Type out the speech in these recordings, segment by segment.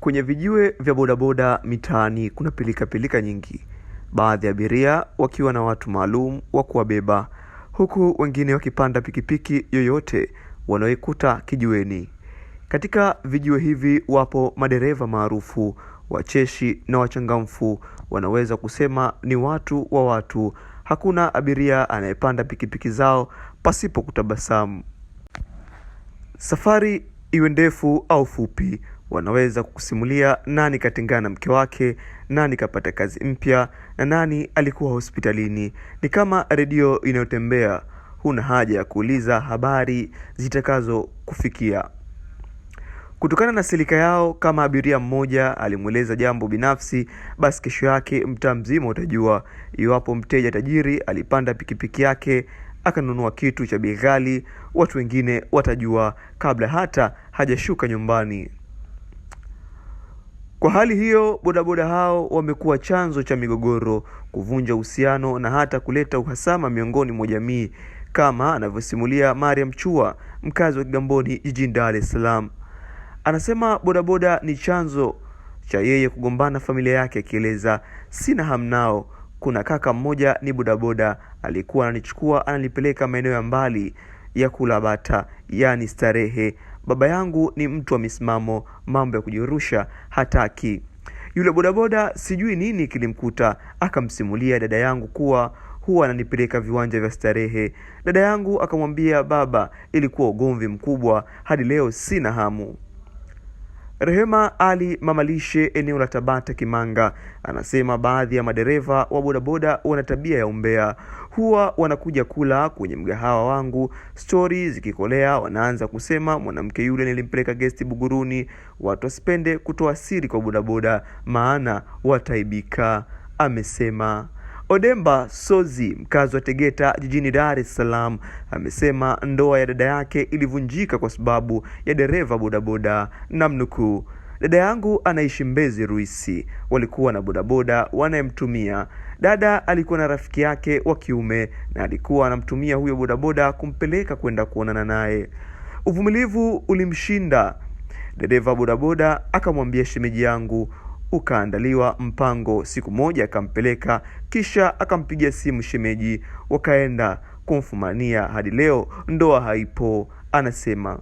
Kwenye vijiwe vya bodaboda mitaani kuna pilika pilika nyingi, baadhi ya abiria wakiwa na watu maalum wa kuwabeba, huku wengine wakipanda pikipiki yoyote wanaoikuta kijiweni. Katika vijiwe hivi wapo madereva maarufu, wacheshi na wachangamfu, wanaweza kusema ni watu wa watu. Hakuna abiria anayepanda pikipiki zao pasipo kutabasamu. Safari iwe ndefu au fupi, wanaweza kukusimulia nani katengana na mke wake, nani kapata kazi mpya na nani alikuwa hospitalini. Ni kama redio inayotembea, huna haja ya kuuliza habari zitakazokufikia. Kutokana na silika yao, kama abiria mmoja alimweleza jambo binafsi, basi kesho yake mtaa mzima utajua iwapo mteja tajiri alipanda pikipiki yake akanunua kitu cha bei ghali. Watu wengine watajua kabla hata hajashuka nyumbani. Kwa hali hiyo, bodaboda hao wamekuwa chanzo cha migogoro, kuvunja uhusiano na hata kuleta uhasama miongoni mwa jamii, kama anavyosimulia Mariam Chua, mkazi wa Kigamboni jijini Dar es Salaam. Anasema bodaboda ni chanzo cha yeye kugombana familia yake, akieleza sina hamnao kuna kaka mmoja ni bodaboda alikuwa ananichukua ananipeleka maeneo ya mbali ya kulabata yaani starehe. Baba yangu ni mtu wa misimamo, mambo ya kujirusha hataki. Yule bodaboda sijui nini kilimkuta, akamsimulia dada yangu kuwa huwa ananipeleka viwanja vya starehe. Dada yangu akamwambia baba, ilikuwa ugomvi mkubwa, hadi leo sina hamu. Rehema Ali Mamalishe eneo la Tabata Kimanga anasema baadhi ya madereva wa bodaboda wana tabia ya umbea, huwa wanakuja kula kwenye mgahawa wangu, stori zikikolea wanaanza kusema mwanamke yule nilimpeleka gesti Buguruni. Watu wasipende kutoa siri kwa bodaboda, maana wataibika, amesema. Odemba Sozi mkazi wa Tegeta jijini Dar es Salaam amesema ndoa ya dada yake ilivunjika kwa sababu ya dereva bodaboda, namnukuu, dada yangu anaishi Mbezi Ruisi, walikuwa na bodaboda wanayemtumia. Dada alikuwa na rafiki yake wa kiume na alikuwa anamtumia huyo bodaboda kumpeleka kwenda kuonana naye. Uvumilivu ulimshinda, dereva bodaboda akamwambia shemeji yangu ukaandaliwa mpango, siku moja akampeleka, kisha akampigia simu shemeji, wakaenda kumfumania. Hadi leo ndoa haipo, anasema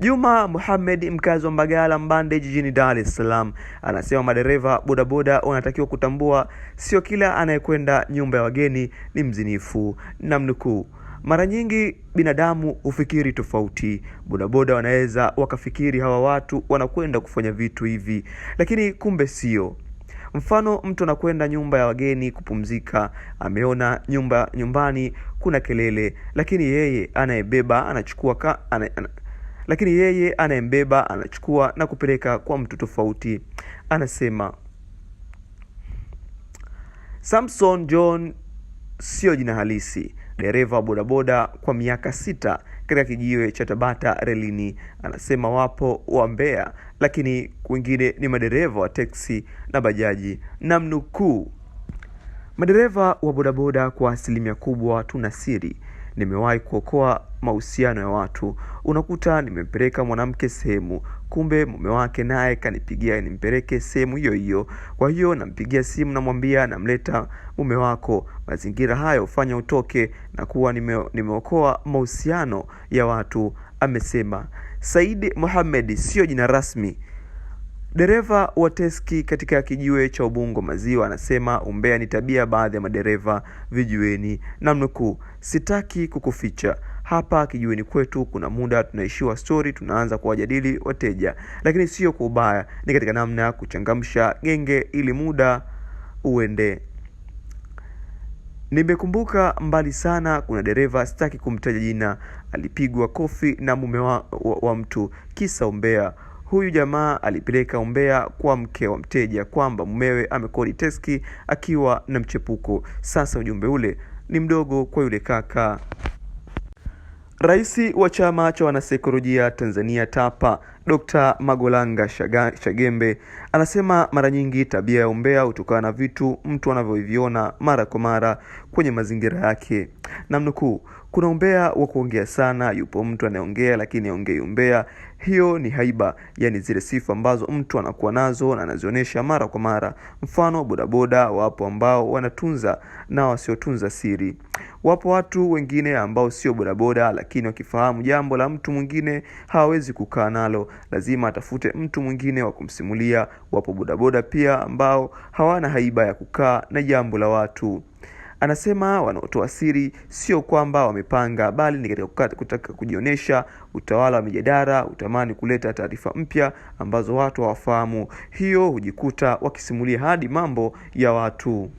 Juma Mohamed, mkazi wa Mbagala Mbande, jijini Dar es Salaam, anasema madereva bodaboda wanatakiwa kutambua, sio kila anayekwenda nyumba ya wageni ni mzinifu. Namnukuu. Mara nyingi binadamu hufikiri tofauti. Bodaboda wanaweza wakafikiri hawa watu wanakwenda kufanya vitu hivi, lakini kumbe sio. Mfano, mtu anakwenda nyumba ya wageni kupumzika, ameona nyumba nyumbani kuna kelele, lakini yeye anayebeba anachukua ka, ana, ana, lakini yeye anayembeba anachukua na kupeleka kwa mtu tofauti. Anasema Samson John sio jina halisi. Dereva bodaboda kwa miaka sita katika kijiwe cha Tabata relini, anasema wapo wa Mbeya, lakini wengine ni madereva wa teksi na bajaji. Namnukuu, madereva wa bodaboda kwa asilimia kubwa tuna siri nimewahi kuokoa mahusiano ya watu. Unakuta nimempeleka mwanamke sehemu, kumbe mume wake naye kanipigia nimpeleke sehemu hiyo hiyo. Kwa hiyo nampigia simu, namwambia namleta mume wako. Mazingira hayo hufanya utoke na kuwa nime, nimeokoa mahusiano ya watu, amesema Said Mohamed. sio jina rasmi. Dereva wa teksi katika kijiwe cha Ubungo Maziwa anasema umbea ni tabia baadhi ya madereva vijiweni, namnukuu, sitaki kukuficha hapa kijiweni kwetu kuna muda tunaishiwa stori, tunaanza kuwajadili wateja, lakini sio kwa ubaya, ni katika namna ya kuchangamsha genge ili muda uende. Nimekumbuka mbali sana, kuna dereva sitaki kumtaja jina, alipigwa kofi na mume wa, wa, wa mtu kisa umbea. Huyu jamaa alipeleka umbea kwa mke wa mteja kwamba mumewe amekodi teski akiwa na mchepuko. Sasa ujumbe ule ni mdogo kwa yule kaka. Rais wa chama cha wanasaikolojia Tanzania TAPA Dr. Magolanga Shagembe anasema mara nyingi tabia ya umbea hutokana na vitu mtu anavyoviona mara kwa mara kwenye mazingira yake. Namnukuu, kuna umbea wa kuongea sana, yupo mtu anayeongea lakini aongei umbea. Hiyo ni haiba, yani zile sifa ambazo mtu anakuwa nazo na anazionyesha mara kwa mara. Mfano, bodaboda wapo ambao wanatunza na wasiotunza siri. Wapo watu wengine ambao sio bodaboda, lakini wakifahamu jambo la mtu mwingine hawawezi kukaa nalo, lazima atafute mtu mwingine wa kumsimulia. Wapo bodaboda pia ambao hawana haiba ya kukaa na jambo la watu. Anasema wanaotoa siri sio kwamba wamepanga, bali ni katika kutaka kujionyesha. Utawala wa mijadala utamani kuleta taarifa mpya ambazo watu hawafahamu, hiyo hujikuta wakisimulia hadi mambo ya watu.